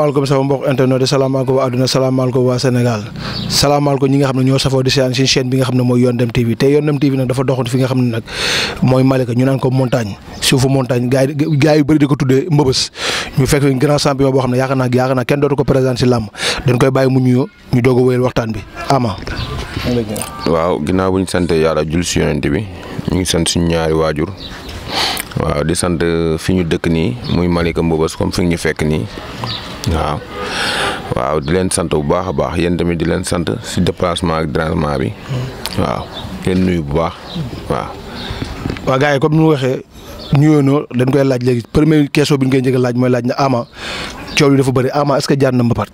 salaamaaleykum sama mbokk internet salaamaaleykum waa àdduna wa senegal salamal ko ñi nga xamne ne ñoo safoo di seen chaîne bi nga xamne moy yondem TV te yondem TV nak dafa doxoon fi nga xamne nak moy Malika ñu nan ko montagne suufu montagne gaay gaay yu bari di ko tuddee mbëbës ñu fekk fi grand champion bo xamne ne yaakaar naa yaakaar kenn dootu ko présenté si làmb dañ koy bàyyi mu ñuyo ñu dogo wëyel waxtaan bi Ama. waaw ginaaw buñu ñu sant jul ci yondem tv ñi ngi sant suñu ñaari wajur waaw di sant fiñu dëkk ni muy Malika Mbëbës comme fiñu fekk ni waaw waaw di leen sant bu baax a baax yéen tamit di leen sant si déplacement ak dérangement bi waaw leen nuyu bu baax waaw. waa yi comme ni mu waxee nuyoo dañ koy laaj léegi première keso bi ñu koy njëkk laaj mooy laaj na Ama coow li dafa bëri Ama est que jaar na mbapat.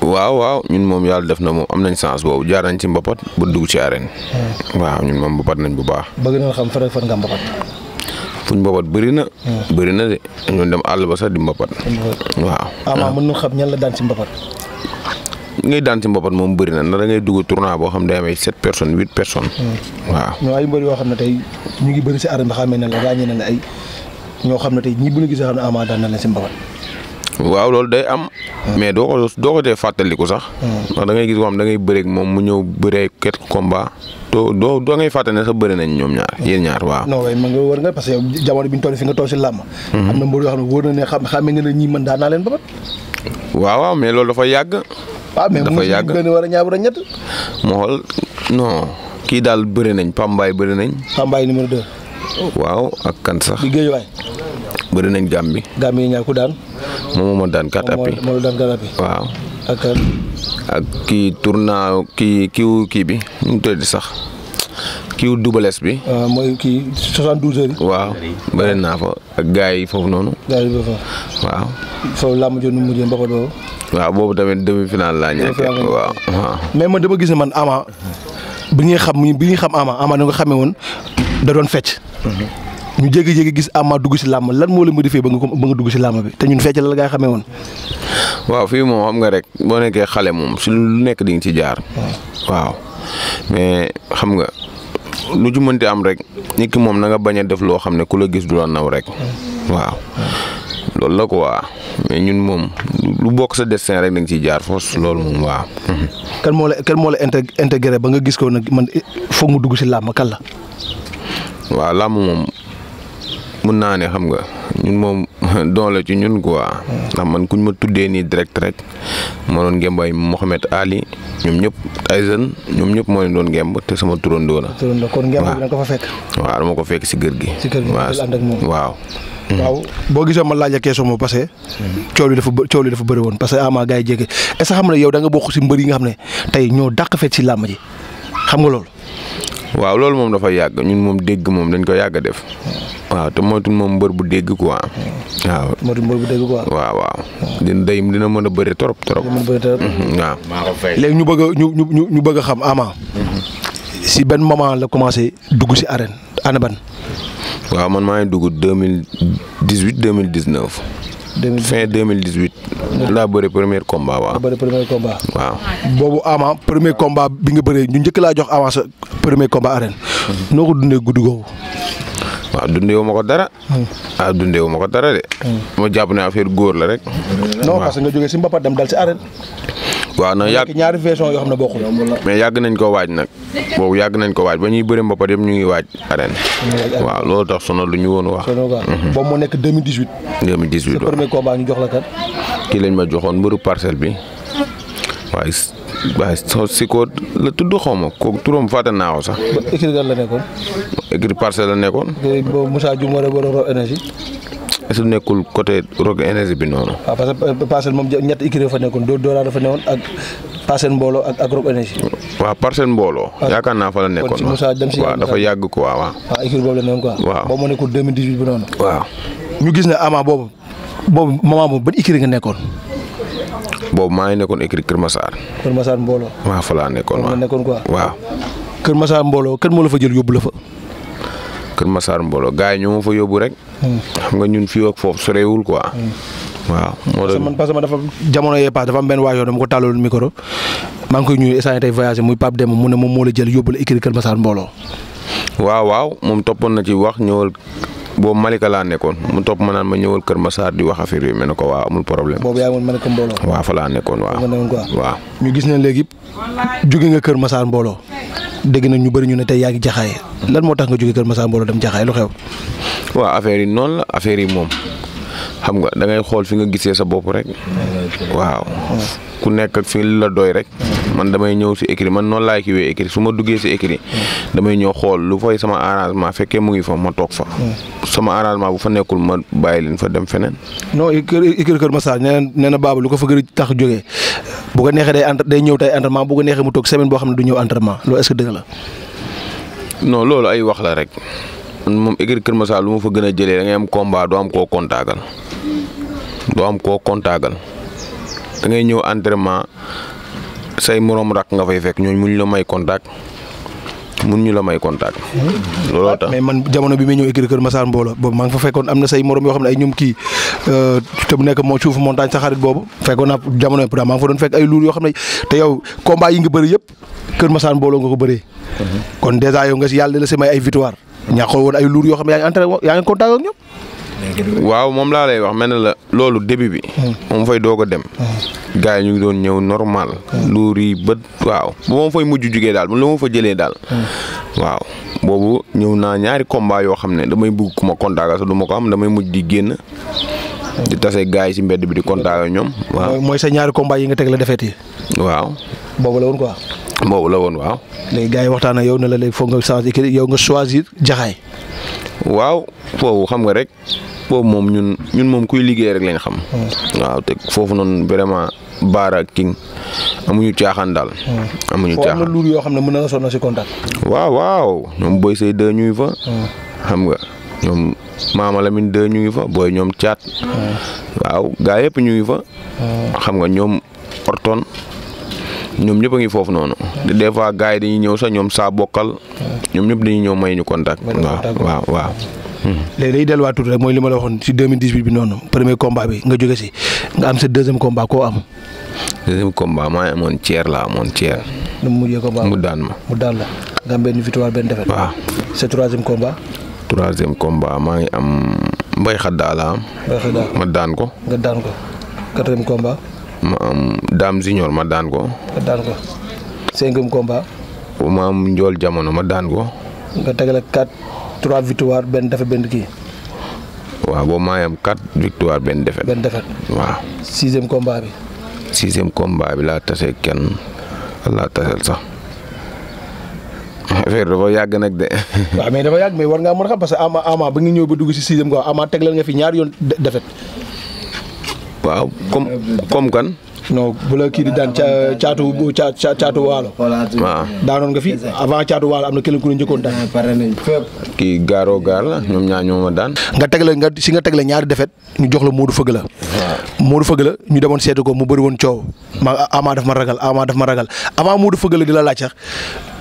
waaw waaw ñun moom yàlla def na moom am nañ chance boobu jaar nañ ci mbapat bu dugg ci arène. Hmm. waaw ñun moom mbapat nañ bu baax. bëgg na xam fan fan nga mbapat. fuñ mbapat bëri na. Hmm. bëri na de ñun dem àll ba sax di mbapat. waaw. ama mën na xam ñan la daan ci mbapat. ngay daan ci mbapat moom bëri na ndax da ngay dugg tournoi boo xam ne day am ay sept personnes huit personnes. Hmm. waaw ñoo ay mbër yoo xam ne tey ñu ngi bëri si arène bi xamee na la ràññee na la ay ñoo xam ne tey ñii bu ñu gisee xam ne ama daan na la si mbapat. waaw loolu day am. mais doo ko doo ko dee fàttaliku sax. Hmm. ndax da ngay gis ko xam da ngay bëreeg moom mu ñëw bëree quelques combats doo doo doo ngay fàttali ne sax bëri nañ ñoom ñaar yéen ñaar waaw. non waaye ma nga wër nga parce que yow jamono bi ñu si hmm. na mbir yoo xam ne wóor na ne xam ne ñii mën daan naa leen waaw mais loolu dafa yàgg. Ah, dafa yàgg waaw mais mu gën a war a war a ñett. mu xool non kii daal bëri nañ Pambaay bëri nañ. Pambaay numéro 2. waaw ak kan sax di geey way nañ gambi gambi ñaan ku daan momo mo daan katapi mo daan katapi waaw ak kan? ak ki tourna ki ki ki bi ñu tedd sax double s bi moy ki 72 heures waaw bare na fa ak gaay fofu nonu gaay bi fa waaw fo lam jo nu mujjé mbako do waaw bobu tamit demi final la ñak waaw mais man dama gis man ama bi ñi xam bi ñi xam ama ama nga xamé won da doon fetch ñu jékki-jékki gis Ama dugg si làmb lan moo la modifié ba nga ko ba nga dugg si làmb bi te ñun fecc la la nga xamee woon. waaw fii moom xam nga rek boo nekkee xale moom si lu nekk di nga ci jaar. waaw mais xam nga lu ci mënti am rek nit ki moom na bañ a def loo xam ne ku la gis du la naw rek. waaw loolu la quoi mais ñun moom lu bokk sa destin rek da nga ciy jaar foos loolu moom waaw. kan moo la kan moo la intégré ba nga gis koo nag man eh, foog mu dugg si làmb kan la. wa lam mom mun naa ne xam nga ñun mom don la ci ñun quoi da man kuñ ma tuddé ni direct rek mo non gembay mohammed Ali ñom ñep Tyson ñoom ñëpp moo leen don gemb te sama turandoo la. turandoo kon ngemb bi da nga ko fa fek wa dama ko fek ci geur gi. si kër gi ànd ak moom waaw. Mm. waaw bo gisee ma laaj la question moom parce que li dafa coow li dafa beure won parce que ama gay jégué est-ce xam na yow da nga bokku ci mbeur yi nga xamné tay tey ñoo dàq fekk si làmb ji xam nga loolu. waaw loolu moom dafa yàgg ñun moom dégg moom dañ ko yàgg a def. waaw te moytuñ moom mbër bu dégg ko waaw moytuñ mbër bu dégg waaw waaw. dina day dina mën a bëri trop trop. dina mhm, waaw léegi ñu bëgg a ñu ñu ñu bëgg a xam Ama. si benn moment la commencé dugg si arène ana ban. waaw man maa ngi dugg deux mille dix huit deux mille dix neuf. 2018 fin 2018. laa bëri premier combat waaw. laa bëri premier combat. waaw. boobu Ama premier combat bi nga bëree ñu njëkk laa jox avance premier combat arène. Mm-hmm. noo ko dundee guddi googu. waaw dundee wu ma ko dara. Hmm. ah dundee wu ma ko dara de. moo hmm. jàpp ne affaire góor la rek. no parce que nga jóge si mbapat dem dal si arène. waaw na yàgg ñaari version yoo xam ne bokkul mais yàgg nañ ko waaj nag boobu yàgg nañ ko waaj ba ñuy bëre mbapat yëpp ñu ngi waaj arène. waaw loolu tax sono lu ñu woon wax. Mhm. boobu moo nekk 2018. 2018 waaw sa premier combat ñu jox la kat. kii lañ ma joxoon mbëru parcelle bi waaye soo si ko la tudd xaw ma ko turam fàtte naa sax. ba la écurie parcelle la nekkoon. boobu Moussa Dioum war a war a Rock Énergie. est-ce que nekkul côté Rock Énergie bi noonu. waaw ah, parce que euh, parcelle moom ñett écurie fa nekkoon doo dooraa dafa newoon ak parcelle mbooloo ak ak Rock Énergie. waaw parcelle mbooloo. Ah, yaakaar naa fa la nekkoon waaw dafa yàgg quoi waaw. waaw ah, écurie boobu la nekkoon quoi. waaw boobu moo nekkul 2018 bi noonu. waaw ñu gis ne Ama boobu boobu moment boobu ban écurie nga nekkoon. boobu maa ngi nekkoon écurie Kër Massar. Kër Massar mbooloo. waaw fa laa nekkoon waaw nekkoon quoi. waaw. Kër Massar mbooloo kan moo la fa jël yóbbu la fa. Kër Massar Mbolo gars yi ñoo ma fa yóbbu rek. xam nga ñun fii ak foofu sorewul quoi. waaw moo doon man parce que dafa jamono yee paas dafa am benn waayoo dama ko tàllaloon micro maa ko koy ñuy instant tey muy Pape Demba mu moom moo la jël yóbbu la écurie waaw waaw moom toppoon na ci wax ñëwal boobu Malika laa nekkoon mu topp ma naan ma ñëwal Kër Massar di wax a affaire yi ma ne ko waaw amul problème. boobu yaa ngi woon Malika Mbolo. waaw fa laa nekkoon waaw. waaw ñu gis ne léegi jóge nga Kër Massar mbooloo dégg nañ ñu bëri ñu ne tey yaa ngi jaxaay lan moo tax nga jóge Kër Massar Mbollo dem jaxaay lu xew. waaw affaire yi noonu la affaire yi moom xam nga dangay xool fi nga gisee sa bopp rek. waaw ku nekk ak fi la doy rek. man damay ñew si écrit man lay ki wé écrit suma duggé ci si écrit damay ñew xol lu fay sama arrangement féké mu ngi fa ma tok fa sama arrangement bu fa nekkul ma bàyyi leen fa dem fenen non écrit keur Massar néna néna babu lu ko fa gëri tax joggé bu ko nexé day entre day ñew tay entraînement bu ko nexé mu tok semaine bo xamné du ñew entraînement lo est-ce deug la non lolu ay wax la rek mom écrit keur Massar lu mu fa gëna jëlé da ngay am combat do am ko contagal do am ko contagal da ngay ñew entraînement say moroom rakk nga fay fekk ñooñ muñ la may contact mun ñu la may contact. looloo tax mais man jamono bi may ñëw écrire Kër Massar Mbooloo boobu maa ngi fa fekkoon am na say morom yoo xam ne ay ñoom kii euh, te bu nekk moo suufu montagne sa xarit boobu fekkoon naa daal maa fa doon fekk ay luur yoo xam ne te yow combat yi nga bëri yëpp Kër Massar Mbooloo nga ko bëree. Mhm. kon dèjà yow nga si yàlla la si may ay victoire. ñàkkoo woon ay luur yoo xam ne yaa ngi contact ak ñoom. waaw moom laa lay wax mel na la loolu début bi. Hmm. moom fay doog a dem. Hmm. gars yi ñu ngi doon ñëw normal. Hmm. luur yi bët waaw bu ma fay mujj jugee daal lu ma fa jëlee daal. waaw boobu ñëw naa ñaari combat yoo xam ne damay bëgg ku ma contact sax du ma ko am damay mujj di génn. di tase gars yi si mbedd bi di contact ñoom. waa mooy sa ñaari combat yi nga teg la defee defeeti. waaw. boobu la boobu la woon waaw. léegi gars yi waxtaan a yow ne la léegi foog nga changer yow nga choisir jaxaay. waaw foofu xam nga rek foofu moom ñun ñun moom kuy liggéey rek lañ xam. Hmm. waaw te foofu noonu vraiment baara king amuñu caaxaan daal. Hmm. amuñu caaxaan foofu luur yoo xam ne mën na la sonal si contact. waaw waaw ñoom Boy Sey deux hmm. xam nga ñoom Maama Lamine ñu ngi fa booy ñoom caat. waaw gaa yëpp ñu ngi fa. xam nga ñoom Orton. ñoom ñëpp ngi foofu noonu. des fois gars yi dañuy ñëw sax ñoom saa bokkal. ñoom ñëpp dañuy ñëw may ñu contact. waaw waaw waaw. Hmm. léegi day delluwaat tuuti rek mooy li ma la waxoon si 2018 bi noonu premier combat bi nga jóge si nga am sa deuxième combat koo am. deuxième combat maa ngi amoon amoon Thier. nu mu mujjee combat mu daan ma mu daan la nga am benn victoire benn défaite. waaw sa troisième combat. troisième combat maa ngi am Mbaye Khada laa am. Mbaye Khada ma daan ko. nga daan ko quatrième combat. ma am Dame Junior ma daan ko. ma daan ko. cinquième combat. ma am Njool Jamono ma daan ko. nga tegale quatre trois victoire benn defe benn kii. waaw boobu maa ngi am benn defet. benn defet waaw. sixième combat bi. sixième combat bi laa tase kenn laa taseel sax affaire dafa yàgg nag de. waaw mais dafa yàgg mais war ngaa mën a xam parce que ama ba nga ñëw ba dugg si sixième combat ama tegleel nga fi ñaar yoon defet waaw comme comme kan non bu la kii di daan ca caatu bu ca caatu waalo. waaw daanoon nga fi avant caatu waalo am na keneen ku ne njëkkoon daan. kii gaaroo gaar la ñoom ñaar ñoo ma nga teg nga si nga teg ñaari defet ñu jox la Modou Fëgg la. waaw Modou Fëgg la ñu demoon seetu ko mu bëri woon coow. ma ama daf ma ragal ama daf ma ragal avant Modou Fëgg la di la laaj sax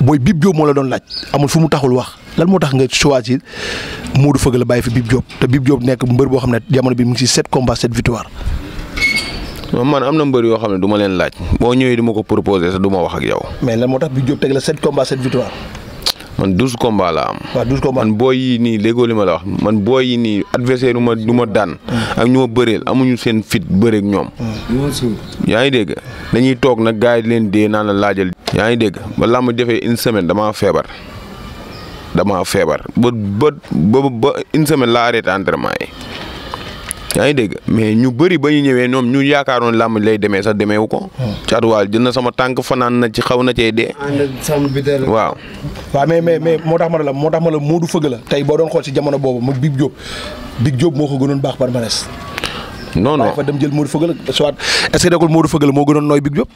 booy Bib Diop moo la doon laaj amul fu mu taxul wax lan moo tax nga choisir Modou Fëgg la bàyyi fi Bib Diop te Bib Diop nekk mbër boo xam jamono bi mu ngi si sept combats victoire. man am na mbër yoo xam ne duma ma leen laaj boo ñëwee duma ko proposé sax duma ma wax ak yow. mais lan moo tax bi Diop teg la sept combats sept victoire. man douze la am. waaw douze combats man booy yi nii déggoo li ma la wax man booy yi nii adversaire du ma du ma daan. Hmm. ak ñu ma bëreel amuñu seen fit bëreek ñoom. Hmm. yaa ngi dégg dañuy toog nag gars yi leen dee naan laajal. yaa ngi dégg ba làmb defee une semaine damaa feebar damaa feebar ba ba ba une semaine laa arrêté entraînement yi. yaa ngi dégg mais ñu bëri ba ñu ñëwee noonu ñu yaakaaroon làmb lay demee sax demeewu ko. Hmm. Caatu Waalo jël na sama tànk fanaan na ci xaw na cee dee. waaw. waaw mais mais mais moo tax ma la moo tax ma la Moodu fëgg tey boo doon xool si jamono boobu mu Big Diop Big Diop moo ko gënoon baax palmarès. non non fa dem jël Modou Feugeule soit est-ce que nekkul Modou Feugeule moo gënoon nooy Big Diop.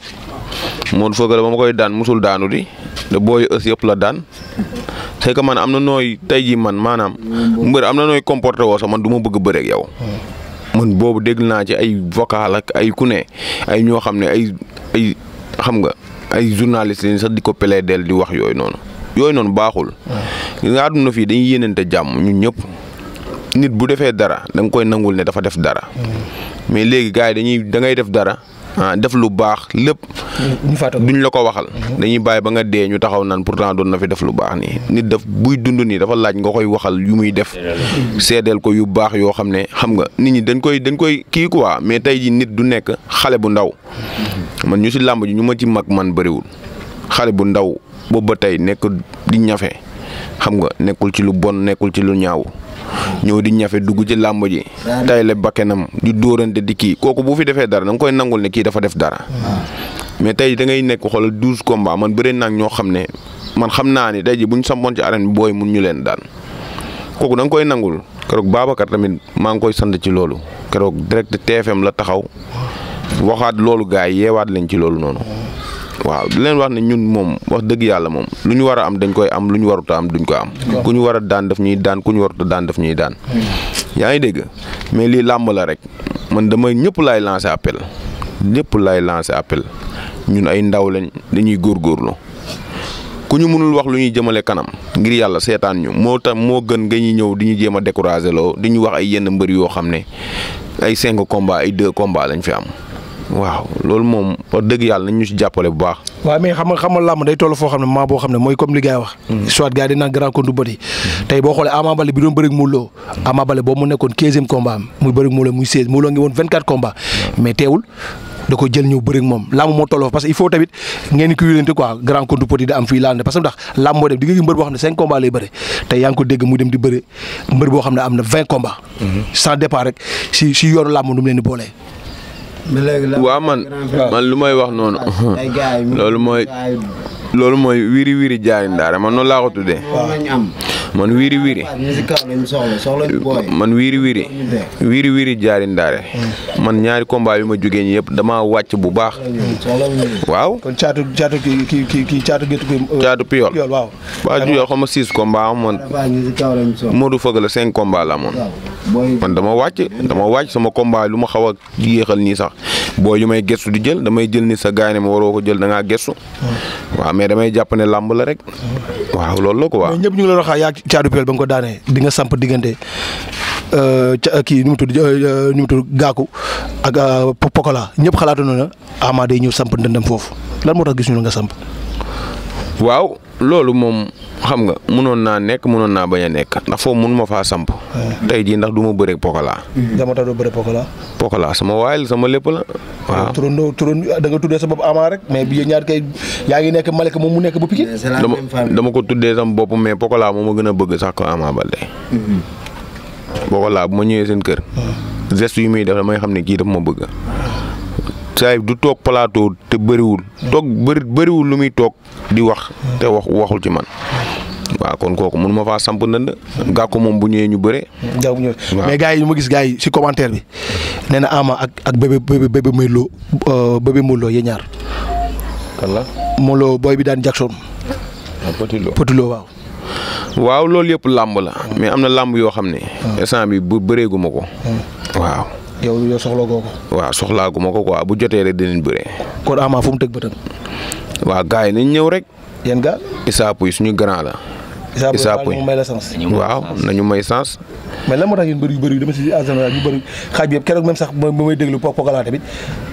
Modou Feugeule ba ma koy daan musul daanu di da booy ës yëpp la daan c'est que man am na nooy tey jii man maanaam hmm. mbër am na nooy comporté woo sax man du ma bëgg bëreeg yow. Hmm. man boobu dégg naa ci ay vocal ak ay ku ne ay ñoo xam ne ay ay xam nga ay journaliste yi sax di ko pelee del di wax yooyu noonu yooyu noonu baaxul. Hmm. nga àdduna fii dañuy yéeneente jàmm ñun ñëpp. nit bu defee dara danga koy nangul ne dafa def dara. Hmm. mais léegi gars yi dañuy da ngay def dara ah def lu baax lépp. Mm, ñu la ko waxal. Mm-hmm. dañuy bàyyi ba nga dee ñu taxaw naan pourtant doon na fi def lu baax nii. Mm-hmm. nit daf buy dund nii dafa laaj nga koy waxal yu muy def. Mm-hmm. seedeel ko yu baax yoo xam ne xam nga nit ñi dañ koy dañ koy kii quoi mais tey ji nit du nekk xale bu ndaw. man ñu si làmb ji ñu ma ci mag man bëriwul xale bu ndaw boobu ba tey nekk di ñafe xam nga nekkul ci lu bon nekkul ci lu ñaaw. ñëw di ñafe dugg ci làmb ji. tay la bakkenam di dóorante di kii kooku bu fi defee dara danga koy nangul ne kii dafa def dara. mais tey da ngay nekk xoolal douze combats man bëri na ñoo xam ne man xam naa ne tey ji bu ñu sampoon ci arène bi booy mun ñu leen daan kooku danga koy nangul keroog Babacar tamit maa ngi koy sant ci loolu keroog direct TFM la taxaw waxaat loolu gars yeewaat leen ci loolu noonu. waaw di leen wax ne ñun moom wax dëgg yàlla moom lu ñu war a am dañ koy am lu ñu waruta am duñ ko am. ku ñu war a daan def ñuy daan ku ñu waruta daan def ñuy daan. Hmm. yaa ngi dégg mais lii làmb la rek man damay ñëpp laay lancer appel ñëpp laay lancer appel ñun ay ndaw lañ dañuy góorgóorlu. ku ñu mënul wax lu ñuy jëmale kanam ngir yàlla seetaan ñu moo tax moo gën nga ñuy ñëw di ñu jéem a décourager loo di ñu wax ay yenn mbër yoo xam ne ay cinq combats ay deux combats lañ fi am. waaw loolu moom wax dëgg yàlla nañ ñu si jàppale bu baax. waaw mais xam nga xam nga làmb day toll foo xam ne maa boo xam ne mooy comme li gars yi wax. Mm. soit gars yi di naan grand compte du bëri. tey mais teewul. da ko jël ñëw bëri moom làmb moo tolloo parce que il faut tamit ngeen ko yulente quoi grand contre petit da am fii laal ne parce que ndax làmb moo dem di nga mbër boo xam ne cinq combats lay bëri tey yaa ngi ko dégg mm-hmm. sans départ rek si si yoonu nu mu leen boolee. waa man man lu may wax noonu loolu mooy loolu mooy wiri wiri jaay ndaare man noonu laa ko tuddee man wiiri wiiri man wiiri wiiri wiiri wiiri jaari ndaare man ñaari combat yi ma jógee ñi yëpp damaa wàcc bu baax waaw kon caatu caatu ki ki ki caatu gétt ko caatu piyool waaw baa juyoo xam ma six combat amoon Modou Feugueleu cinq combat la amoon man dama wàcc dama wàcc sama combat lu ma xaw a yéexal nii sax boo yu may gestu di jël damay jël ni sa gaay ne ma waroo ko jël dangaa gestu. Hmm. waaw mais damay jàpp ne làmb la rek. Hmm. waaw loolu la ko mais ñëpp ñu ngi doon xaar yaa caadu ba nga ko daanee di nga samp diggante euh, ca kii nu mu tudd euh, nu mu tudd ak euh, Pokola ñëpp xalaatu na ne day ñëw samp ndëndam foofu lan moo tax gis ñu nga samp. waaw. loolu moom xam nga mënoon naa nekk mënoon naa bañ a nekk ndax foofu mënuma faa samp. tey jii ndax du ma bëre pokola. Mm. jamono du bëre pokola. pokola sama waay sama lépp la waaw. turandoo turandoo da nga tuddee sa bopp Ama rek mais bi ñaar kay yaa ngi nekk Malika moom mu nekk bu Pikine. dama ko tuddee sama bopp mais pokola moom ma gën a bëgg sax ko Ama Baldé. Mm-hmm. pokola bu ma ñëwee seen kër. geste yu muy def damay xam ne kii daf ma bëgg. saa du toog plateau te bëriwul. toog bëri bëriwul lu muy toog di wax. te wax waxul ci man. waaw kon kooku mënu ma faa samp ndënd. gàkku moom bu ñëwee ñu bëre. jaww ñëw mais gars yi ma gis gars yi si commentaire bi nee na Ama ak ak bébé bébé bébé Molo euh, bébé Molo yéen ñaar. kan Molo booy bi daan Jackson. Ah, Petit Lo waaw. loolu yëpp làmb la. Ah. mais am na làmb yoo xam ne. Ah. instant bi bu bëreegu ko. yow yow soxla goo ko. waaw soxlaa gu ma ko quoi bu jotee rek dinañ bëre. kon Ama fu mu tëg bëtam. waaw gars yi nañ ñëw rek. yéen ga Issa Pouye suñu grand la. Issa Pouye may la sens. waaw nañu may sens. mais lan moo tax yéen bëri yu bëri dama si en général ñu bëri xaaj bi yëpp keroog même sax ba may déglu Pokola tamit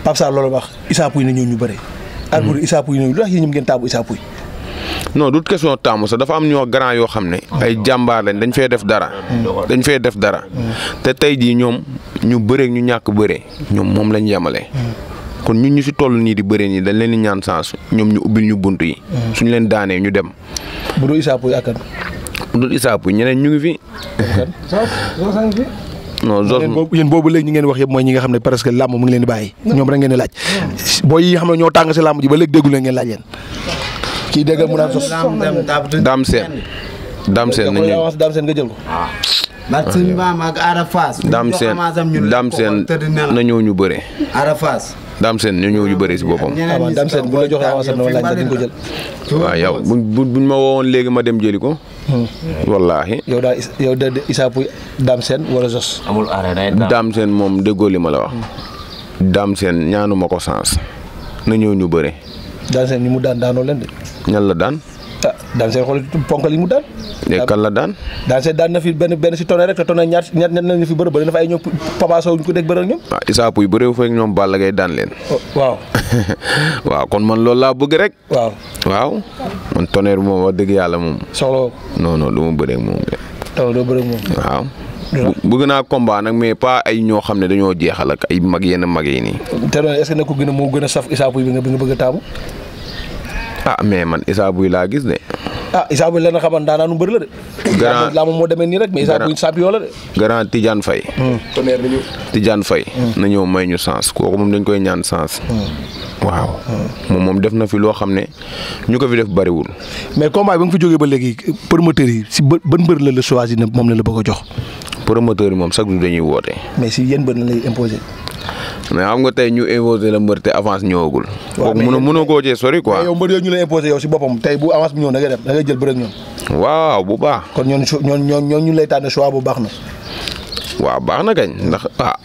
Pape Sarr loolu wax Issa Pouye na ñëw ñu bëri. Alboury Issa Pouye ñëw lu tax yéen ñoom ngeen taabu Issa non du question taamu sax dafa am ñoo grand yoo xam ne. ay jàmbaar lañ dañ fee def dara. dañ fee def dara. te tey jii ñoom ñu bëree ñu ñàkk bëree ñoom moom lañ yemale. kon ñun ñu si toll nii di bëree nii dañ leen di ñaan sans ñoom ñu ubbil ñu bunt yi. suñ leen daanee ñu dem. bu dul isaapu ak bu dul isaapu ñu ngi fi. non zos yéen boobu léegi ñi ngeen wax yëpp mooy ñi nga xam ne presque làmb bàyyi. ñoom rek ngeen laaj. booy yi xam ne ñoo tàng si làmb ji ba léegi déggu leen ngeen laaj leen. kii dégg mu naan nañ ñu daam nga jël ko. barke suñu maam ak Arafas. daam na ñëw ñu bëre. Arafas. daam seen na ñëw ñu bëre si boppam. waaw daam seen bu la joxee avance na wala laaj yow bu ma woowoon léegi ma dem jëli ko. Hmm. wallaahi. yow daal yow amul daam seen moom déggoo li ma la wax. Hmm. daam ñaanu ma ko sens na ñëw ñu bëre. dan sen ni mu dan dano len de. ñal la dan dan sen seen xool ponkal mu dan de kan la dan dan sen dan na fi ben ben si tonay rek tonay ñaar ñaar ñaar na fi beure beure na fa ay ñoom Papa Sow ñu ko dégg bëre ñoom. ah Issa Pouye bëre fa ak ñoom Balla gay dan len waaw. waaw kon man lool la bëgg rek. waaw waaw. man tonay mo wa dëgg yalla mom solo non non du ma bëre ak taw do beure mom waaw. bëgg naa combat nag mais pas ay ñoo xam ne dañoo jeexal ak ay mag yenn mag yi nii. te doon est-ce que ko gën a moo gën a saf Issa Pouye bi nga bëgg a taamu. ah mais man Issa Pouye laa gis de. ah Issa Pouye la nga xamante daanaanu mbër la de. grand laa moom moo demee nii rek mais Issa Pouye champion la de. grand Tidiane Faye. Hmm. tonnerre bi ñu. Tidiane Faye. Hmm. na ñëw may ñu sens kooku moom dañ koy ñaan sens. Hmm. waaw. moom moom def na fi loo xam ne ñu ko fi def bariwul. mais combat bi nga fi jógee ba léegi promoteur yi si ban mbër la la choisir moom la la bëgg a jox. promoteur yi moom chaque jour dañuy woote. mais si yéen mbër na lay imposer. mais xam nga tey ñu imposer la mbër te avance ñëwagul. waaw mais mënoo mënoo koo cee sori quoi. yow mbër yooyu ñu lay imposer yow si boppam tey bu avance bi ñëw da ngay def da ngay jël bëre ak ñoom. waaw bu baax. kon ñooñu su ñu lay tànn choix bu baax na. wa baax na kañ ndax ah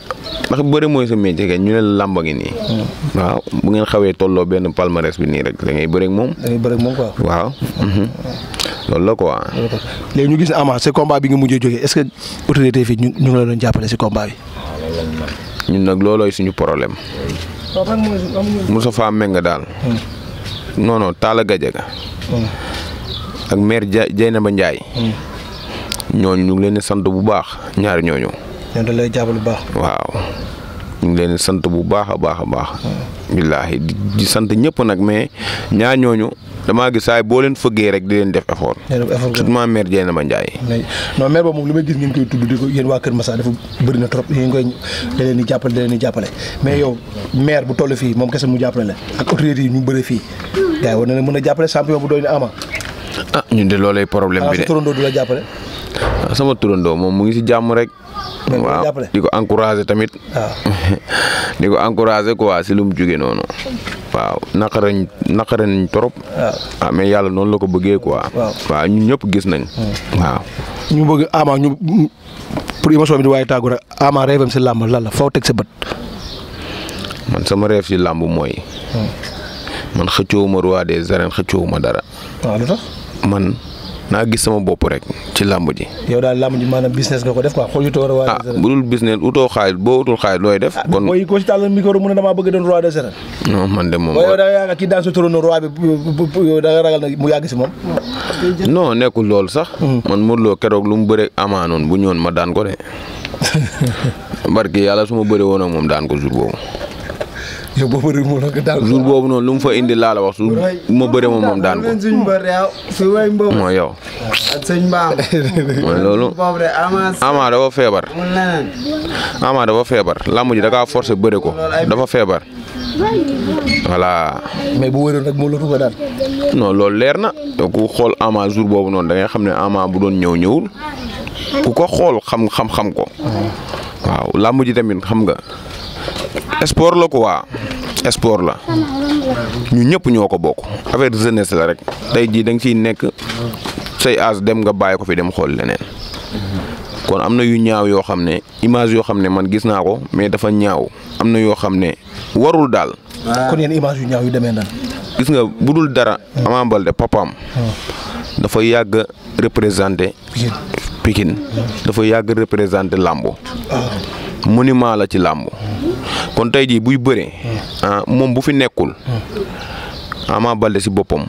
ndax beure moy sa métier gañ ñu ne lamb gi ni hmm. wa bu ngeen xawé tolloo ben palmarès bi ni rek da ngay beure ak mom da ngay beure ak mom quoi. waaw. Hmm. loolu la quoi. léegi ñu gis ne Ama sa combat bi nga mujjé joggé est-ce que autorité fi ñu ngi la doon jappalé ci combat bi. ñun nak loloy suñu problème. Moustapha Meng dal non non Talla Gadiaga. Hmm. ak maire Dieynaba Ndiaye. ñooñu ñu ngi leen di sant bu baax ñaari ñooñu. ñoom da lay jàppale bu baax. waaw ñu ngi leen sant bu baax a baax a baax. billaahi di sant ñëpp nag mais ñaar ñooñu damaa gis saay boo leen fëggee rek di leen def effort. surtout maa mère Dieng ma Ndiaye. non mère boobu moom li may gis ngeen koy tudd di ko yéen waa Kër Massa dafa bëri na trop yéen koy da leen di jàppale leen di jàppale mais yow mère bu toll fii moom kese mu jàppale la ak autorité yi ñu bëri fii gars yi war na leen mën a jàppale champion bu doy na ama. ah ñu de loolay problème bi du la jàppale. sama turandoo moom mu ngi si jàmm rek. waaw di ko encouragé tamit. di ko encouragé quoi si lu mu jóge noonu. waaw naqarañ trop. waaw ah, yàlla noonu la ko bëggee quoi. waaw ñun ñëpp gis nañ. Hmm. waaw. ñu bëgg Ama ñu pour émission bi di waaye tàggu rek Ama rêve si làmb lan la foo teg sa bët. man sama rêve si làmb mooy. Hmm. man xëccoo ma roi des ma dara. Ah, man. naa gis sama bopp rek ci làmb ji. yow daal làmb ji maanaam business nga ko def quoi xool yu too ah bu dul business utoo xaalis boo utul xaalis looy def. Ah, kon booy ko ci tàllal micro mu ne damaa bëgg doon roi des man de moom. yow da nga yaakaar kii daan sa turono roi bi da mu yàgg si moom. non nekkul loolu sax. Hmm. man Modou Lo keroog lu mu bëre amaanoon bu ñëwoon ma daan ko de. barki yàlla su ma bëree woon ak moom daan ko jour boobu. jour boobu noonu lu mu fa indi laa la wax su ma bëree moom moom daan ko. mooy yow. mooy loolu. Ama dafa feebar. Ama dafa feebar làmb ji da kaa forcé bëre ko dafa feebar. voilà. mais bu wëroon nag mënatu ko loolu leer na. ku xool Ama jour boobu noonu dangay xam ne Ama bu doon ñëw ñëwul. ku ko xool xam xam xam ko. Hmm. waaw làmb ji tamit xam nga. sport la ko waa sport la ñu ñëpp ñoo ko bokk affaire de jeunesse la rek tey jii da nga ciy nekk say as dem nga bàyyi ko fi dem xool leneen kon am na yu ñaaw yoo xam ne image yoo xam ne man gis naa ko mais dafa ñaaw am na yoo xam ne warul daal. kon yéen ñaaw yu demee nan. gis nga bu dul dara. Ama Baldé papaam. dafa yàgg représenté. pikin dafa yàgg représenté làmb ah. monument la ci làmb kon tey jii buy bëree. Hmm. ah moom bu fi nekkul. Hmm. amaa Baldé si boppam.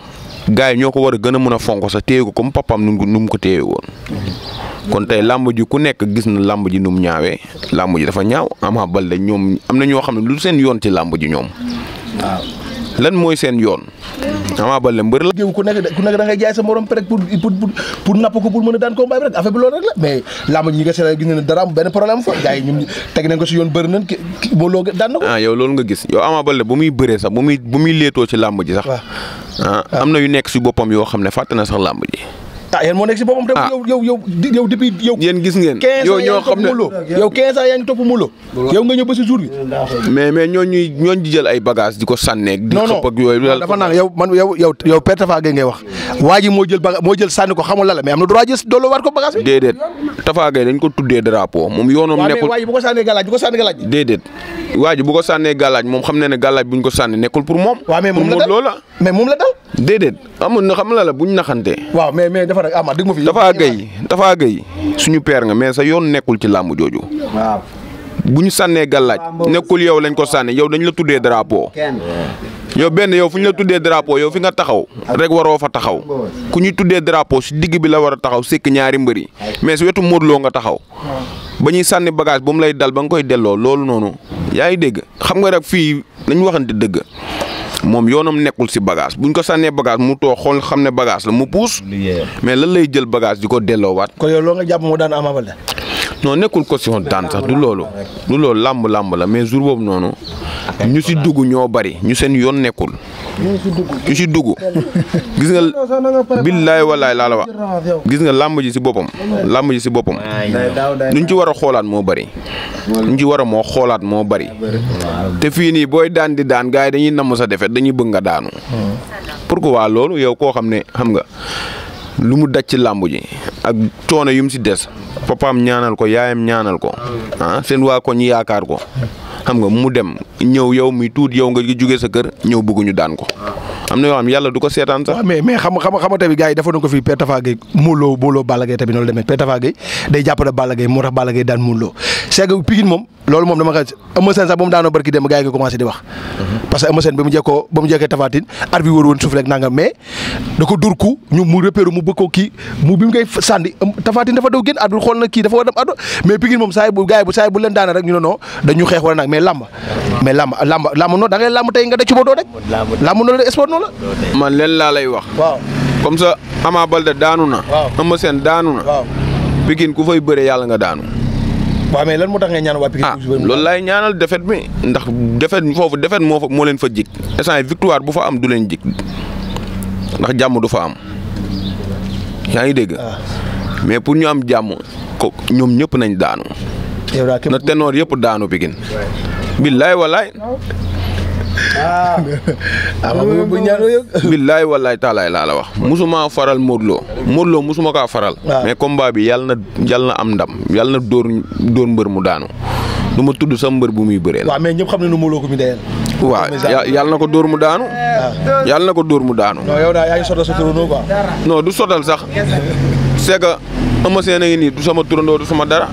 gars yi ñoo ko war a gën a mën a fonk sa téye ko comme papam nu mu ko téye woon. Hmm. kon tey làmb ji ku nekk gis na làmb ji nu mu ñaawee làmb ji dafa ñaaw Ama Baldé ñoom am na ñoo xam ne lu seen yoon ci làmb ji ñoom. waaw lan mooy seen yoon. Ama Baldé mbër la. ku nekk ku nekk da ngay jaay sa morom rek pour pour pour napp ko pour mën a daan combat bi rek affaire bi loolu rek la mais làmb ñi nga seetla gis ne dara am benn problème fa gars yi teg nañ ko si yoon bëri nañ ki boo na ko. ah yow loolu nga gis yow Ama Baldé bu muy bëree sax bu muy bu muy leetoo ci làmb ji sax. ah am na yu nekk si boppam yoo xam ne fàtte na sax làmb ji. taayeen ah, moo nekk si boppam. ah yow yow gis ngeen yow ñoo topp mulo yow nga ba si jour bi. mais mais ñooñuy ñooñu di ay bagages di ko sànneeg. di xëpp ak yooyu ah, dafa naan yow man yow yow wax. waa moo jël baga ko xamul la la mais am na droit jël doolu war ko bagage bi. déedéet dañ ko tuddee drapeau moom yoonam. nekkul waa ji bu galaaj bu ko galaaj. moom xam na ne galaaj bu ñu ko sànni nekkul pour moom. moom la déedéet amoon na xam la bu ñu naxantee waaw mais mais dafa rek ah ma dégg fi. Tapha Gueye Tapha Gueye suñu père nga mais sax yoon nekkul ci làmb jooju. waaw bu ñu sànnee gàllaaj nekkul yow lañ ko sànni yow dañu la tuddee drapeau. yow benn yow fu ñu la tuddee drapeau yow fi nga taxaw rek waroo fa taxaw ku ñuy tuddee drapeau si digg bi la war a taxaw sekk ñaari mbëri mais si wetu Modou nga taxaw. ba ñuy sànni bagage bu mu lay dal ba nga koy delloo loolu noonu. yaa ngi dégg xam nga rek fii nañu waxante dëgg. moom yoonam nekkul si bu ñu ko sànnee bagage mu too xool xam ne bagage la mu puus mais lan lay jël bagage di ko delloowaat. ko yow loo nga jàpp moo daan Ama Baldé non nekkul ko caution daan sax du loolu du loolu làmb làmb la mais jour boobu noonu ñu si dugg ñoo bari ñu seen yoon nekkul ñu si dugg gis nga billaay wallaay laa la wax gis nga làmb ji si boppam làmb ji si boppam luñ ci war a xoolaat moo bari ci war a moo xoolaat moo bari te fii nii booy daan di daan gars yi dañuy namm sa defet dañuy bëgg nga daanu waa loolu yow koo xam ne xam nga lu mu daj ci làmb ji ak coono yu mu si des papaam ñaanal ko yaayam ñaanal ko ah seen waa ko ñu yaakaar ko xam nga mu dem ñëw yow muy tuut yow nga jógee sa kër ñëw bëgguñu daan ko. am na yoo xam yàlla du ko seetaan sax. mais mais xam xam xam tamit yi defoon na moo tax mhm. mu jekkoo ba dafa daw génn ar xool na kii dafa war a dem mais Pikine moom saa bu gars yi bu leen daana rek ñu ne non dañu xeex wala nag mais làmb mais tey nga dëcc ba doo rek làmb noonu la jamono la. man leen laa lay wax. waaw comme ça Ama Baldé daanu na. waaw Eumeu Sène daanu na. waaw Pikine ku fay bëre yàlla nga daanu. waaw mais lan moo tax nga ñaan waa Pikine. ah loolu laay ñaanal defet bi ndax defet foofu defet moo fa moo leen fa jik instant victoire bu fa am du leen jik ndax jàmm du fa am yaa ngi dégg. Ah. mais pour ñu am jàmm ko ñoom ñëpp nañ daanu. na tenoor yëpp daanu Pikine. billaay walaay. ah waaw ah, bu ñaan taalaay laa la wax. musuma faral Modou Lo. Modou ko musuma faral. mais combat bi yàlla na yàlla am ndam yàlla na dóor mbër mu daanu. du ma tudd sa mbër bu muy bëree la. waaw ñëpp xam nañu ne Modou Lo na ko dóor mu daanu. yàlla na ko dóor mu daanu. non yow daal yaa du sotal sax. c'est que a ngi nii du sama turandoo du sama dara.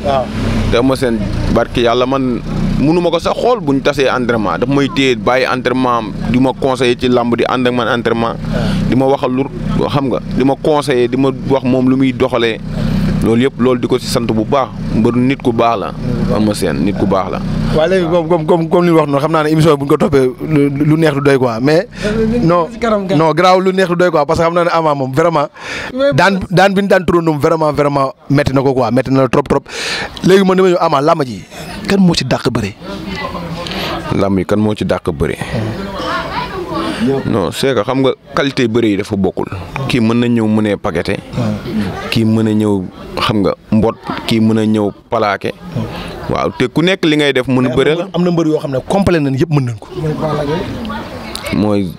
te ama seen barki yàlla man. mënuma ko sax xool bu ñu tasee entraînement daf may téye bàyyi entraînement di ma conseiller ci làmb di ànd ak man entraînement. Ah. di ma waxal lu xam nga di ma conseiller di ma wax moom lu muy doxalee. loolu yëpp loolu di ko ci sant bu baax mbër nit ku baax la. Eumeu seen nit ku baax la. waaw léegi comme comme comme li wax noonu xam naa ne émission bu ko toppee lu neex du doy quoi mais. non non garaaw lu neex du doy quoi parce que xam naa ne Ama moom vraiment. daan daan bi ñu daan turandoom vraiment vraiment métti na ko quoi métti na la trop trop léegi man dama ñëw Ama làmb ji kan moo ci dàq bëri. làmb yi kan moo ci dàq bëri. Hmm. non c'est xam nga qualité bëre yi dafa bokkul. kii mën na ñëw mu ne paqueté. kii mën a ñëw xam nga mbot kii mën a ñëw palaake. waaw te ku nekk li ngay def mën a bëre la am na mbër yoo xam ne complet nañ yëpp mën nañ ko. mooy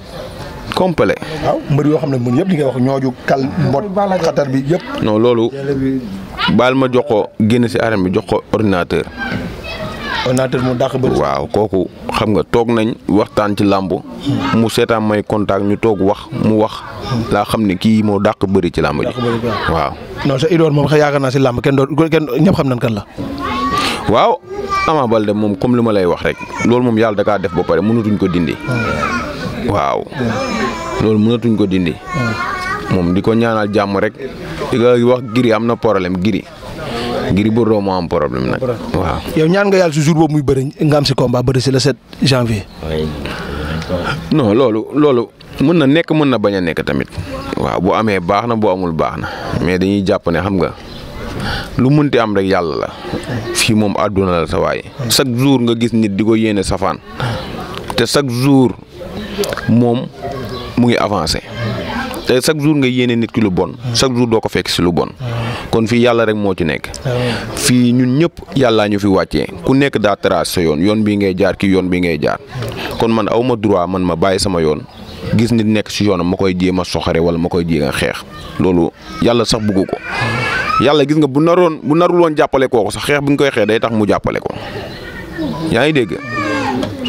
complet. waaw mbër yoo xam ne mën yëpp li ngay wax ñooju kal mbot xatar bi yëpp. non loolu baal ma jox ko génn si arène bi jox ko ordinateur. ordinateur mu dàq waaw kooku xam nga toog nañ waxtaan ci làmb mu seetaan may contact ñu toog wax mu wax. laa xam ne kii moo dàq bëri ci làmb ji. waaw. non sa idoor moom yaakaar naa si làmb kenn doon kenn ñëpp xam nañ kan la. waaw Ama moom comme li ma lay wax rek loolu moom yàlla da def ba pare mënatuñ ko dindi. waaw. loolu mënatuñ ko dindi. Hmm. moom di ko ñaanal jàmm rek. di ko wax giri am na problème giri. Gris Bordeaux moo am problème nag. waaw yow ñaan nga yàlla si jour boobu muy bëri nga am si bëri si le 7 janvier. non loolu loolu mën na nekk mën na bañ a nekk tamit. waaw bu amee baax na bu amul baax na mais dañuy jàpp ne xam nga. lu munti am rek yàlla la fii moom àdduna la sa waay chaque jour nga gis nit di ko yéene safaan te chaque jour moom mu ngi avancé te chaque jour nga yéene nit ki lu bon hmm. chaque jour doo ko fekk si lu bon hmm. kon fii yàlla rek moo ci nekk hmm. fii ñun ñëpp yàllaa ñu fi wàccee ku nekk daa trace sa yoon yoon bii ngay jaar ki yoon bi ngay jaar kon man aw ma droit man ma bàyyi sama yoon gis nit nekk si yoonam ma koy jéem ma soxare wala ma koy jéem a xeex loolu yàlla sax bugg ko yàlla gis nga bu naroon bu narul woon jàppale kooku sax xeex bi nga koy xeex day tax mu jàppale ko yaa ngi dégg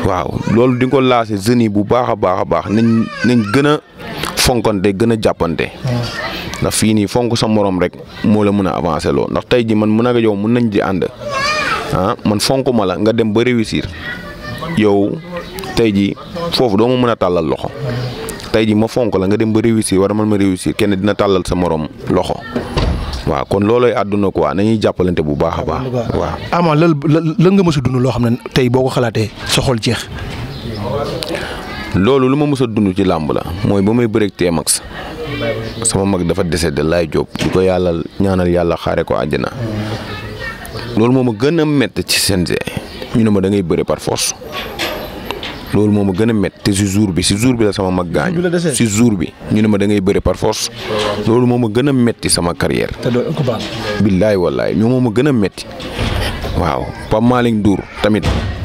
waaw loolu di ko laase jeunes yi bu baax a baax a baax nañ nañ gën a fonkonté gëna jappanté jàppante ndax fii nii fonk sa morom rek mo la mëna avancer lo ndax tay ji man mëna nga yow mën di ànd ah man fonk ma la nga dem ba réussir yow tay ji fofu do mo mëna talal loxo tay ji ma fonk la nga dem ba réussir war man ma réussir kenn dina talal sa morom loxo wa kon looloy aduna quoi nañuy jappalante bu baakha ba wa Ama lan lan nga mës a dund loo jeex loolu lu ma mës a dund ci làmb la mooy ba may bëreeg T-Max sama mag dafa décédé Laye Diop di ko yàlla ñaanal yàlla xaare ko àjjana loolu moo ma gën a métti ci CNG ñu ne ma da ngay bëre par force loolu moom ma gën a métti si jour bi si jour bi la sama mag gaañu jour bi ñu ne ma da ngay par force loolu moo ma gën a metti sama carrière. te doo ëpp billaay wallaay ñoo moom a gën a metti waaw Pape duur tamit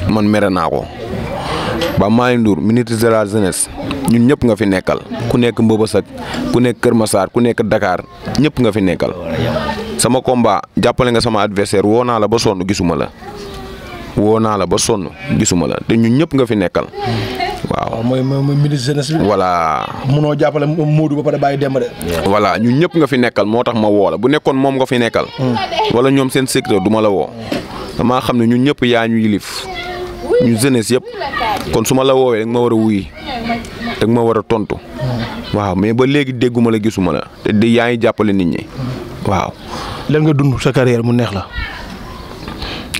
man mere naa ko. ba Malick Ndour ministre de la jeunesse ñun ñëpp nga fi nekkal ku nekk Mbëbës ak ku nekk Kër Massar ku nekk dakaar ñëpp nga fi nekkal sama combat jàppale nga sama adversaire woo naa la ba sonn gisuma la woo naa la ba sonn gisuma la te ñun ñëpp nga fi nekkal. waaw mooy mooy ministre jeunesse bi. voilà munoo jàppale Moodu ba pare bàyyi dem de. voilà ñun ñëpp nga fi nekkal moo tax ma woo la bu nekkoon moom nga fi nekkal. Hmm. wala ñoom seen secteur duma la woo. damaa xam ne ñun ñëpp yaa ñu yilif ñu jeunesse yëpp kon su ma la woowee danga ma war a wuy danga ma war a tontu waaw mais ba léegi dégguma la gisuma la te di yaa ngi jàppale nit ñi waaw. lan nga dund sa carrière mu neex la.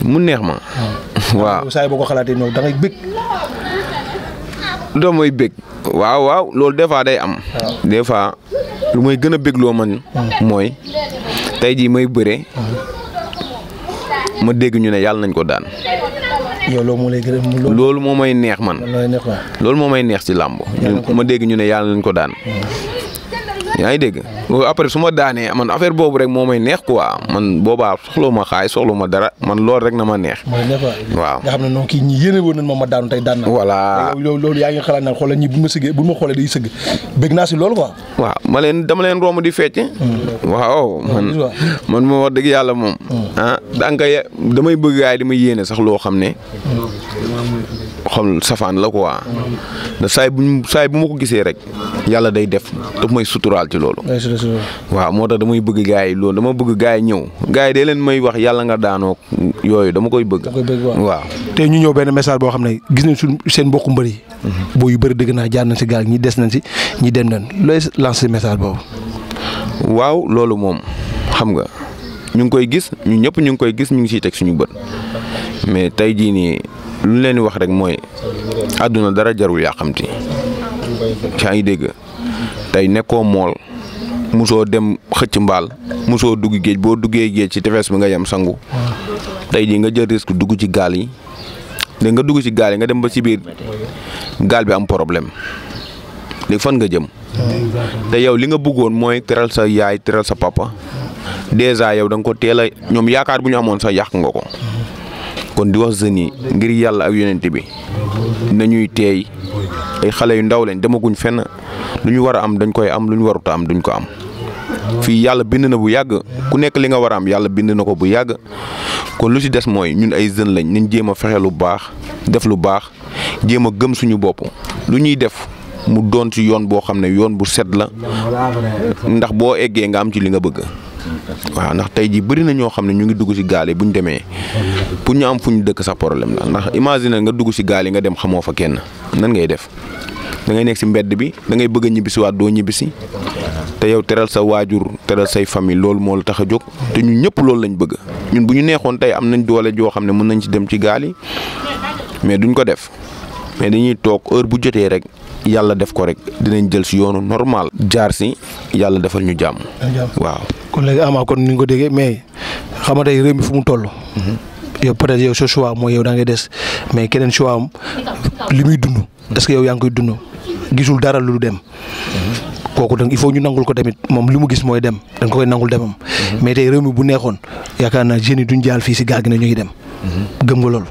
mu neex ma. waaw saa yi boo ko xalaatee ñëw da ngay doo mooy bég waaw waaw loolu des fois day am. des fois lu may gën a bégloo loo man hmm. mooy tey jii may bëre. Hmm. ma dégg ñu ne yàlla nañ ko daan. yow loolu moo loolu moo may neex man. loolu moo may neex ci làmb. ma dégg ñu ne yàlla nañ ko daan. Hmm. yaa ngi dégg après su ma daanee man affaire boobu rek moo may neex quoi man boobaa soxla ma xaay soxla ma dara man loolu rek na ma neex. waaw nga xam ne noonu kii ñi yéene woon nañ ma ma daanu tey daan naa. voilà loolu yaa ngi xalaat nag xoolal ñi bu ma sëggee bu ma xoolee day sëgg bëgg naa si waaw ma leen dama leen romb di fecc. Hmm. waaw man man ma wax dëgg yàlla moom. Hmm. ah danga damay bëgg gaay di ma yéene sax loo xam ne. Hmm. xol safaan la ko quoi. da saay bu ñu saay bu ma ko gisee rek. yàlla day def daf may suturaal ci loolu. waaw moo tax damay bëgg gars yi loolu dama bëgg gars yi ñëw gars yi day leen may wax yàlla nga daanoo yooyu dama koy bëgg. waaw. te ñu ñëw benn message boo xam ne gis nañ suñ seen mbokku mbër mhm. yu bëri dëgg naa jaar nañ si gaal ñi des nañ si ñi dem nañ looy lancer message boobu. waaw loolu moom xam nga ñu ngi koy gis ñu ñëpp ñu ngi koy gis ñu ngi siy teg suñu bët mais tey jii lu leen wax rek mooy àdduna dara jarul yàqamti yaa ngi dégg tey nekkoo mool musoo dem xëcc mbaal musoo dugg géej boo duggee géej ci tefes bi nga yem sangu tey jii nga jël risque dugg ci gaal yi léegi nga dugg ci gaal yi nga dem ba ci biir gaal bi am problème léegi fan nga jëm te yow li nga bëggoon mooy teral sa yaay teral sa papa déjà yow da nga ko teel a ñoom yaakaar bu ñu amoon sa yàq nga ko kon di wax jeunes yi ngir yàlla ak yonent bi na ñuy teey ay xale yu ndaw lañ demaguñ fenn lu ñu war a am dañ koy am lu ñu waruta am duñ ko am fii yàlla bind na bu yàgg ku nekk li nga war a am yàlla bind na ko bu yàgg kon lu si des mooy ñun ay jeunes lañ nañ jéem a fexe lu baax def lu baax jéem a gëm suñu bopp lu ñuy def mu doon ci yoon boo xam ne yoon bu set la ndax boo eggee nga am ci li nga bëgg. waaw ndax tey ji bëri na ñoo xam ne ñu ngi dugg si gaal yi bu ñu demee pour ñu am fu ñu dëkk sax problème la ndax imagine nga dugg si gaal yi nga dem xamoo fa kenn nan ngay def da ngay nekk si mbedd bi da ngay bëgg a ñibbisiwaat doo ñibbisi te yow teral sa waajur teral say famille loolu moo la tax a jóg te ñu ñëpp loolu lañ bëgg ñun bu ñu neexoon tey am nañ doole joo xam ne mën nañ ci dem ci gaali mais duñ ko def mais dañuy toog heure bu jotee rek yàlla def ko rek dinañ jël si yoonu normal jaar si yàlla defal ñu jàmm. waaw. kon léegi Ama kon ni nga ko déggee mais xam nga tey réew mi fu mu toll. Mhm. yow peut mooy yow da ngay des mais keneen choix am li muy dund est que yow yaa ngi koy dund gisul dara lu dem. Mhm. kooku nag il ñu nangul ko tamit moom li mu gis mooy dem dañ koy nangul demam. Mhm. mais tey réew mi bu neexoon yaakaar naa jeunes duñ jaal fii si gaal ne ñu ngi dem. gëm loolu.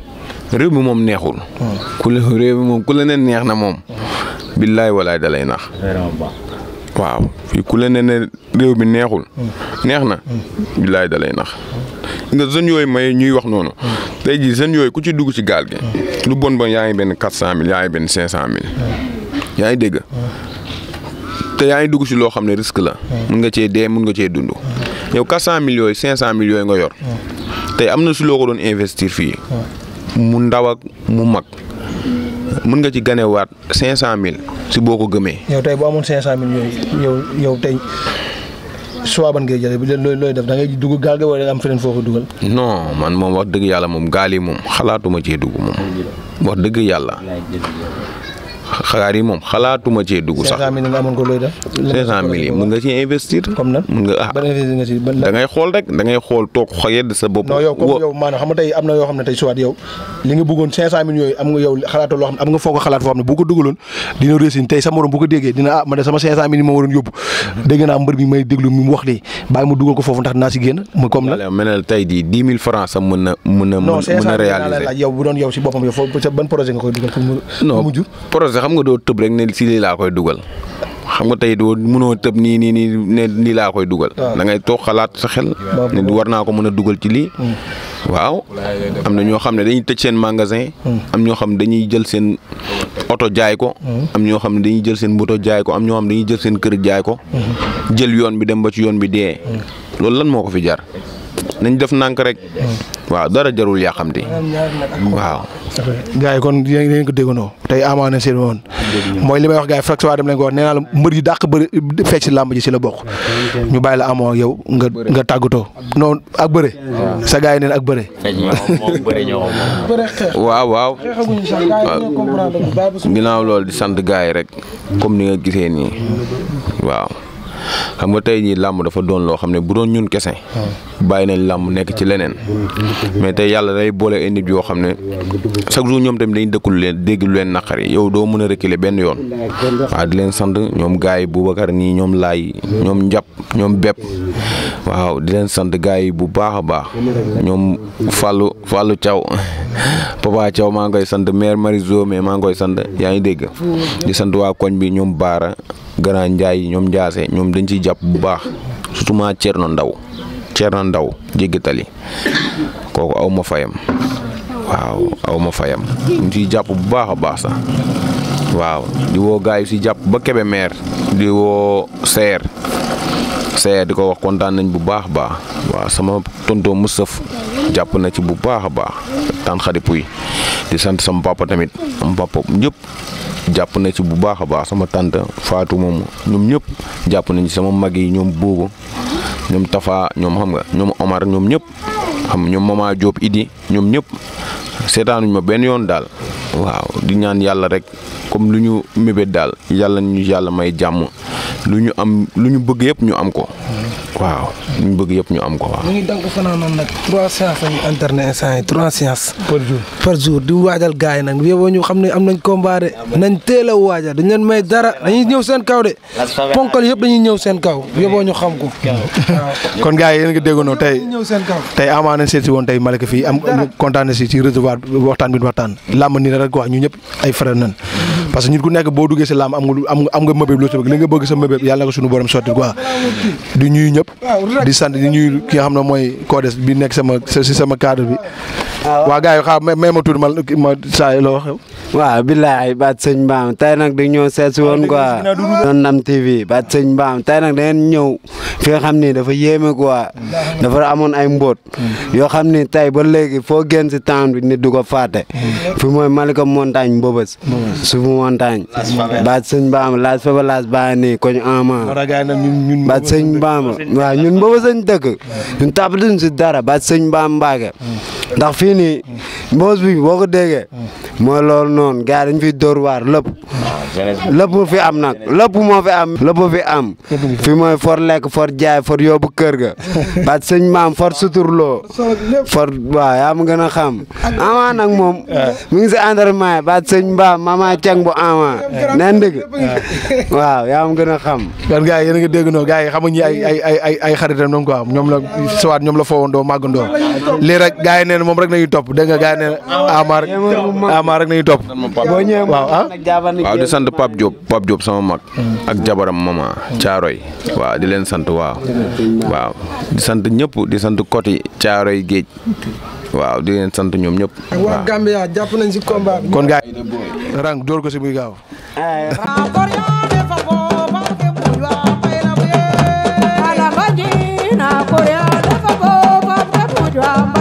moom neexul. Hmm. ku la neex na moom. Hmm. billaay walaay da lay nax waaw fii ku la ne ne réew mi neexul neex na billaay da lay nax nga jeunes yooyu may ñuy wax noonu tey jii jeunes yooyu ku ci dugg ci gaal gi lu bon bon yaa ngi benn quatre cent mille yaa dégg te yaa dugg ci loo xam ne risque la mun nga cee dee mun nga cee dund yow quatre cent mille yooyu cinq cent mille yooyu nga yor tey am na si ko doon investir fii mu ndaw ak mu mag mën nga ci ganewaat cinq cent mille si boo ko gëmee. yow tey boo amoon cinq cent mille yow yow tey soit ban ngay jëlee bi looy def da ngay dugg gaal ga wala am feneen foo ko dugal. non man moom wax dëgg yàlla moom gaal yi moom xalaatuma ci dugg moom wax dëgg yàlla. xaar yi moom xalaatuma cee dugg sax. mille mun nga ci investir. mun nga ah da xool rek da xool toog yedd sa bopp. Ah, ma waroon si génn ma comme la doon yow si boppam yow foofu ban projet nga koy dugal pour mu mujj projet xam nga doo tëb rek ne si lii laa koy dugal xam nga tey doo mënoo tëb nii nii nii ne lii laa koy dugal. da ngay toog xalaat sa xel. ne war naa ko mën a dugal ci lii. Hmm. waaw am na ñoo xam ne dañuy tëj seen magasin. Hmm. am ñoo xam ne dañuy jël seen oto jaay ko. Hmm. am ñoo xam ne dañuy jël seen moto jaay ko am ñoo xam dañuy jël seen kër jaay ko. jël yoon bi dem ba ci yoon bi dee. loolu lan moo ko fi jar. nañ def nànk rek. Mm. waaw dara jarul yàqamti. Mm. waaw. gars yi kon yéen ngeen ko déggandoo tey Ama ne seen woon mooy li may wax gars yi fekk waa dem nañ ko wax nee naa mbër yi dàq bëri fecc si làmb ji si la bokk. ñu bàyyi la yow nga nga tàggatoo. ak bëre. sa gars yi ak bëre. waaw waaw. loolu di sant gars yi rek. comme ni nga gisee nii mm. waaw. xam nga tey ñii làmb dafa doon loo xam ne bu doon ñun kese. bàyyi nañ làmb nekk ci leneen. mais tey yàlla day boole ay nit yoo xam ne chaque jour ñoom tamit dañuy dëkkul leen dégg lu leen naqari yow doo mën a reculer benn yoon. waaw di leen sant ñoom gars yi Boubacar nii ñoom laay ñoom njàpp ñoom bépp waaw di leen sant gars yi bu baax a baax ñoom Fallou Fallou Thiaw Papa Thiaw maa ngi koy sant mère Marie Zomé maa ngi koy sant yaa ngi dégg di sant waa koñ bi ñoom Baara. grand njaay yi ñoom njaase ñoom dañ ciy jàpp bu baax surtout maa na Ndaw Thierno Ndaw jéggi tali kooku aw ma fayam waaw aw ma fayam ñu ciy jàpp bu baax a baax sax waaw di woo si jàpp ba Kébé maire di seer sa di ko wax kontaan nañ bu baax a baax waaw sama mu sëf jàpp na ci bu baax a baax taan xaripu yi di sant sama papa tamit sama papa ñëpp jàpp na ci bu baax a baax sama tante faatu moom ñoom ñëpp jàpp nañ ci sama mag yi ñoom boobu ñoom Tafa ñoom xam nga ñoom Omar ñoom ñëpp. xam ñoom mama Diop Idi ñoom ñëpp seetaanuñ ma benn yoon daal waaw di ñaan yàlla rek comme lu ñu mébét daal yàlla ñu yàlla may jàmm lu ñu am lu ñu bëgg yëpp ñu am ko. waaw lu ñu bëgg yëpp ñu am ko waaw. mu ngi dànk fanaanam nag trois séances la ñu internet instant yi trois séances. par jour par jour di waajal gars yi nag yow ñu xam ne am nañ combat de nañ teel a waajal dañ leen may dara dañuy ñëw seen kaw de ponkal yëpp dañuy ñëw seen kaw yóbboo ñu xam ko. kon gars yi yéen a ngi ama nañ seet si woon tey Malika fii am kontaan si ci recevoir waxtaan bi waxtaan làmb nii la rek wax ñu ñëpp ay frère nan parce que nit ku nekk boo duggee si làmb am nga am nga mëbëb loo li nga bëgg sa mëbëb yàlla na ko suñu borom sotti quoi di ñuy ñëpp di sant di ñuy ki xam ne mooy Codes bi nekk sama cadre bi Ah, waa gars yi xaar may ma tuuti ma ma saa yi loo wax yow. waaw billaay baat sëñ Mbaam tey nag dañ ñëw seet si woon quoi. doon Nam TV baat sëñ Mbaam tey nag da ngeen ñëw xam ni dafa yéeme quoi. dafa amoon ay mbóot. yoo xam ni tey ba léegi foo génn si temps bi nit du ko fàtte. fi mooy Malika montagne Mbobes. suufu montagne. baat sëñ Mbaam laas fa ba laas baa nii koñ ama. baat sëñ Mbaam waaw ñun Mbobes lañ dëkk. ñun tàbbatuñ si dara baat sëñ Mbaam Mbaake. ndax fii nii mboos bi boo ko déggee mooy loolu noonu gars dañ fiy dóor waar lépp ah, lépp fi am nag lépp moo fi am lépp fi am fi mooy for lekk for jaay for yóbbu kër ga bat sëñ maam for suturloo for waaw yaa ma gën a xam ama nag moom ah. mi ngi si entraînement yi bat sëñ mbaam mama cang bu ama neen dëgg waaw yaa ma a xam kon gars yi yéen a ngi dégg noo gars yi xamuñu ay ay ay ay xaritam donc quoi ñoom la siwaat ñoom la foowoon doo màggandoo lii rek gars nee mom rek nañu topp dégg nga gars ah, Amar Amar rek nañu top ah. waaw waaw di sante pap job pap job sama mak ak jabaram mama tiaroy waaw di len sante waaw. waaw di sante ñepp di sante koti tiaroy geej waaw di len sante ñom ñepp wa Gambia japp nañ ci combat kon gaay yi rang door ko ci muy gaaw. Korea, never drama.